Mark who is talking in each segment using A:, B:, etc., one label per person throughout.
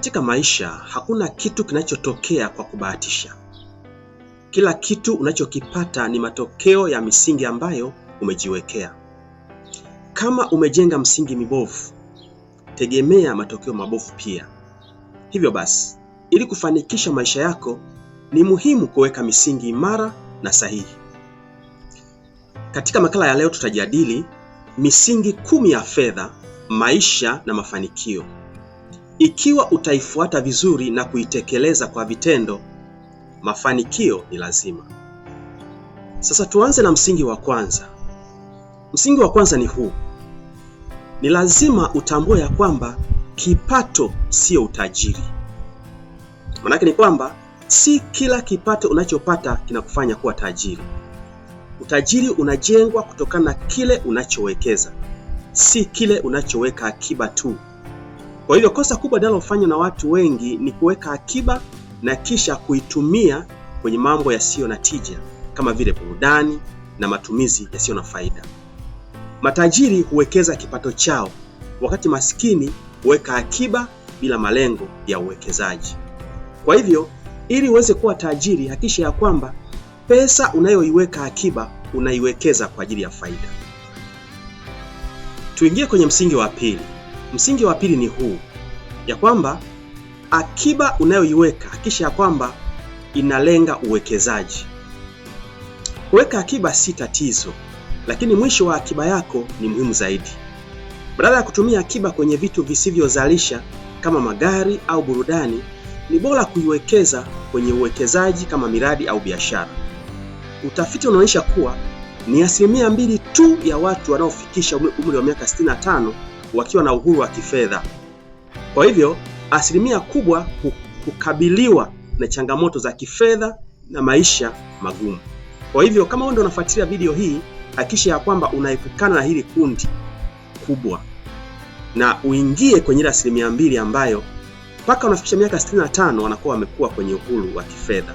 A: Katika maisha hakuna kitu kinachotokea kwa kubahatisha. Kila kitu unachokipata ni matokeo ya misingi ambayo umejiwekea. Kama umejenga msingi mibovu, tegemea matokeo mabovu pia. Hivyo basi, ili kufanikisha maisha yako, ni muhimu kuweka misingi imara na sahihi. Katika makala ya leo tutajadili misingi kumi ya fedha, maisha na mafanikio. Ikiwa utaifuata vizuri na kuitekeleza kwa vitendo, mafanikio ni lazima. Sasa tuanze na msingi wa kwanza. Msingi wa kwanza ni huu: ni lazima utambue ya kwamba kipato sio utajiri. Maanake ni kwamba si kila kipato unachopata kinakufanya kuwa tajiri. Utajiri unajengwa kutokana na kile unachowekeza, si kile unachoweka akiba tu. Kwa hivyo kosa kubwa linalofanywa na watu wengi ni kuweka akiba na kisha kuitumia kwenye mambo yasiyo na tija kama vile burudani na matumizi yasiyo na faida. Matajiri huwekeza kipato chao, wakati maskini huweka akiba bila malengo ya uwekezaji. Kwa hivyo, ili uweze kuwa tajiri, hakisha ya kwamba pesa unayoiweka akiba unaiwekeza kwa ajili ya faida. Tuingie kwenye msingi wa pili. Msingi wa pili ni huu ya kwamba akiba unayoiweka hakisha ya kwamba inalenga uwekezaji. Kuweka akiba si tatizo, lakini mwisho wa akiba yako ni muhimu zaidi. Badala ya kutumia akiba kwenye vitu visivyozalisha kama magari au burudani, ni bora kuiwekeza kwenye uwekezaji kama miradi au biashara. Utafiti unaonyesha kuwa ni asilimia mbili tu ya watu wanaofikisha umri wa miaka 65 wakiwa na uhuru wa kifedha. Kwa hivyo asilimia kubwa hukabiliwa na changamoto za kifedha na maisha magumu. Kwa hivyo kama wewe ndio unafuatilia video hii, hakikisha ya kwamba unaepukana na hili kundi kubwa na uingie kwenye ile asilimia mbili ambayo mpaka unafikisha miaka 65 wanakuwa wamekuwa kwenye uhuru wa kifedha.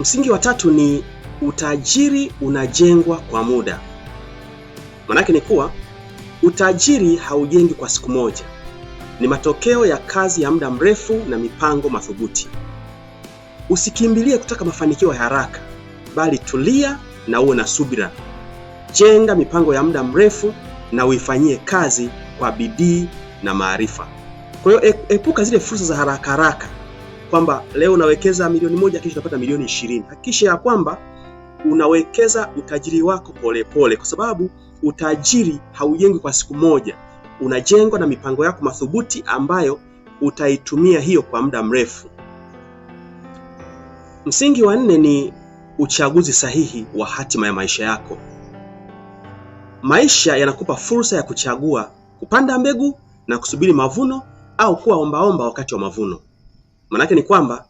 A: Msingi wa tatu ni utajiri unajengwa kwa muda. Maanake ni kuwa Utajiri haujengi kwa siku moja, ni matokeo ya kazi ya muda mrefu na mipango madhubuti. Usikimbilie kutaka mafanikio ya haraka, bali tulia na uwe na subira. Jenga mipango ya muda mrefu na uifanyie kazi kwa bidii na maarifa. Kwa hiyo e-, epuka zile fursa za haraka haraka, kwamba leo unawekeza milioni moja kisha unapata milioni ishirini. Hakikisha ya kwamba unawekeza utajiri wako polepole, kwa sababu Utajiri haujengwi kwa siku moja, unajengwa na mipango yako madhubuti ambayo utaitumia hiyo kwa muda mrefu. Msingi wa nne ni uchaguzi sahihi wa hatima ya maisha yako. Maisha yanakupa fursa ya kuchagua kupanda mbegu na kusubiri mavuno au kuwa ombaomba wakati wa mavuno. manake ni kwamba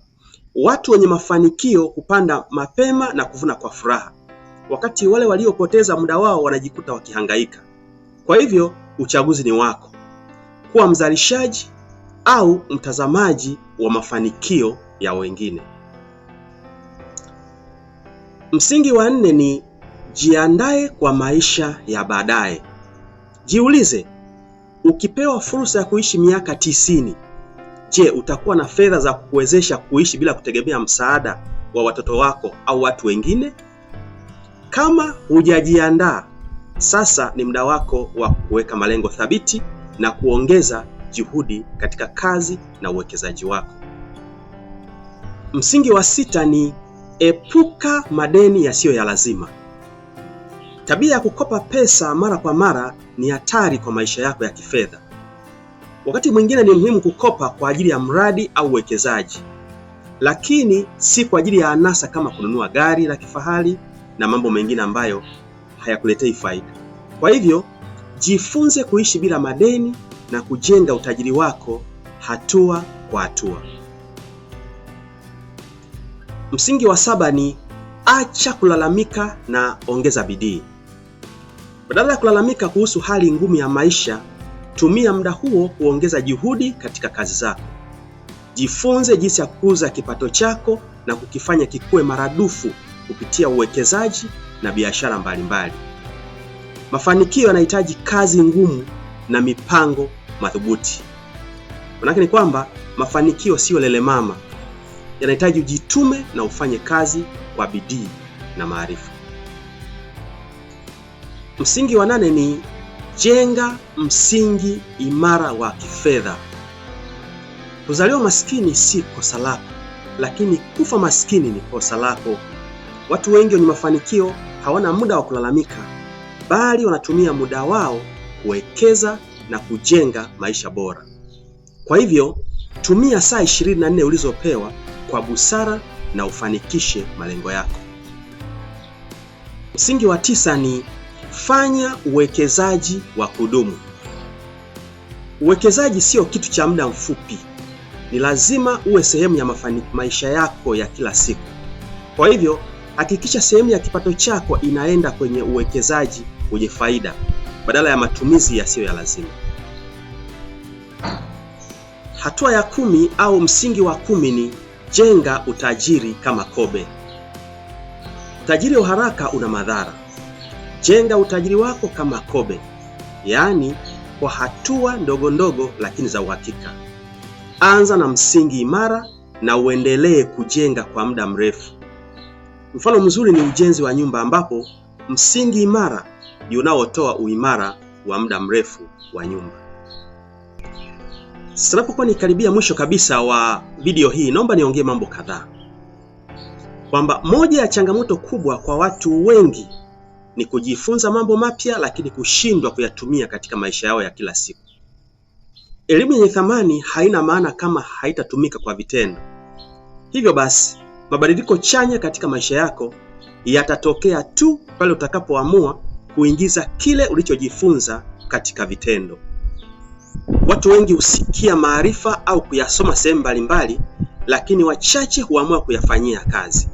A: watu wenye mafanikio hupanda mapema na kuvuna kwa furaha, wakati wale waliopoteza muda wao wanajikuta wakihangaika. Kwa hivyo uchaguzi ni wako, kuwa mzalishaji au mtazamaji wa mafanikio ya wengine. Msingi wa nne ni jiandae kwa maisha ya baadaye. Jiulize, ukipewa fursa ya kuishi miaka tisini, je, utakuwa na fedha za kukuwezesha kuishi bila kutegemea msaada wa watoto wako au watu wengine? Kama hujajiandaa, sasa ni muda wako wa kuweka malengo thabiti na kuongeza juhudi katika kazi na uwekezaji wako. Msingi wa sita ni epuka madeni yasiyo ya lazima. Tabia ya kukopa pesa mara kwa mara ni hatari kwa maisha yako ya kifedha. Wakati mwingine ni muhimu kukopa kwa ajili ya mradi au uwekezaji, lakini si kwa ajili ya anasa kama kununua gari la kifahari na mambo mengine ambayo hayakuletei faida. Kwa hivyo jifunze kuishi bila madeni na kujenga utajiri wako hatua kwa hatua. Msingi wa saba ni acha kulalamika na ongeza bidii. Badala ya kulalamika kuhusu hali ngumu ya maisha, tumia muda huo kuongeza juhudi katika kazi zako. Jifunze jinsi ya kukuza kipato chako na kukifanya kikuwe maradufu kupitia uwekezaji na biashara mbalimbali. Mafanikio yanahitaji kazi ngumu na mipango madhubuti. Maanake ni kwamba mafanikio siyo lelemama, yanahitaji ujitume na ufanye kazi kwa bidii na maarifa. Msingi wa nane ni jenga msingi imara wa kifedha. Kuzaliwa maskini si kosa lako, lakini kufa maskini ni kosa lako. Watu wengi wenye mafanikio hawana muda wa kulalamika, bali wanatumia muda wao kuwekeza na kujenga maisha bora. Kwa hivyo, tumia saa 24 ulizopewa kwa busara na ufanikishe malengo yako. Msingi wa tisa ni fanya uwekezaji wa kudumu. Uwekezaji sio kitu cha muda mfupi, ni lazima uwe sehemu ya maisha yako ya kila siku. Kwa hivyo Hakikisha sehemu ya kipato chako inaenda kwenye uwekezaji wenye faida badala ya matumizi yasiyo ya lazima. Hatua ya kumi au msingi wa kumi ni jenga utajiri kama kobe. Utajiri wa haraka una madhara. Jenga utajiri wako kama kobe, yaani kwa hatua ndogo ndogo lakini za uhakika. Anza na msingi imara na uendelee kujenga kwa muda mrefu. Mfano mzuri ni ujenzi wa nyumba ambapo msingi imara ni unaotoa uimara wa muda mrefu wa nyumba. Tunapokuwa nikaribia mwisho kabisa wa video hii, naomba niongee mambo kadhaa, kwamba moja ya changamoto kubwa kwa watu wengi ni kujifunza mambo mapya, lakini kushindwa kuyatumia katika maisha yao ya kila siku. Elimu yenye thamani haina maana kama haitatumika kwa vitendo. Hivyo basi Mabadiliko chanya katika maisha yako yatatokea tu pale utakapoamua kuingiza kile ulichojifunza katika vitendo. Watu wengi husikia maarifa au kuyasoma sehemu mbalimbali, lakini wachache huamua kuyafanyia kazi.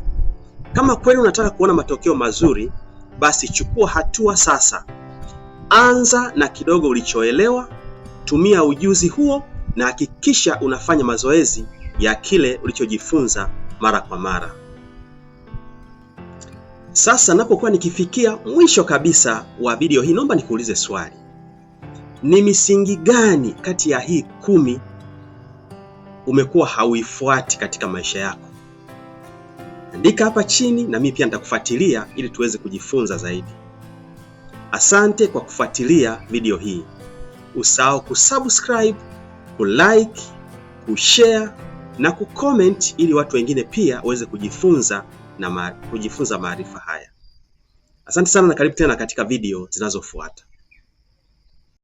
A: Kama kweli unataka kuona matokeo mazuri, basi chukua hatua sasa. Anza na kidogo ulichoelewa, tumia ujuzi huo na hakikisha unafanya mazoezi ya kile ulichojifunza mara kwa mara. Sasa napokuwa nikifikia mwisho kabisa wa video hii, naomba nikuulize swali. Ni misingi gani kati ya hii kumi umekuwa hauifuati katika maisha yako? Andika hapa chini na mimi pia nitakufuatilia ili tuweze kujifunza zaidi. Asante kwa kufuatilia video hii. Usahau kusubscribe, kulike, kushare na kucomment ili watu wengine pia waweze kujifunza na ma, kujifunza maarifa haya. Asante sana na karibu tena katika video zinazofuata.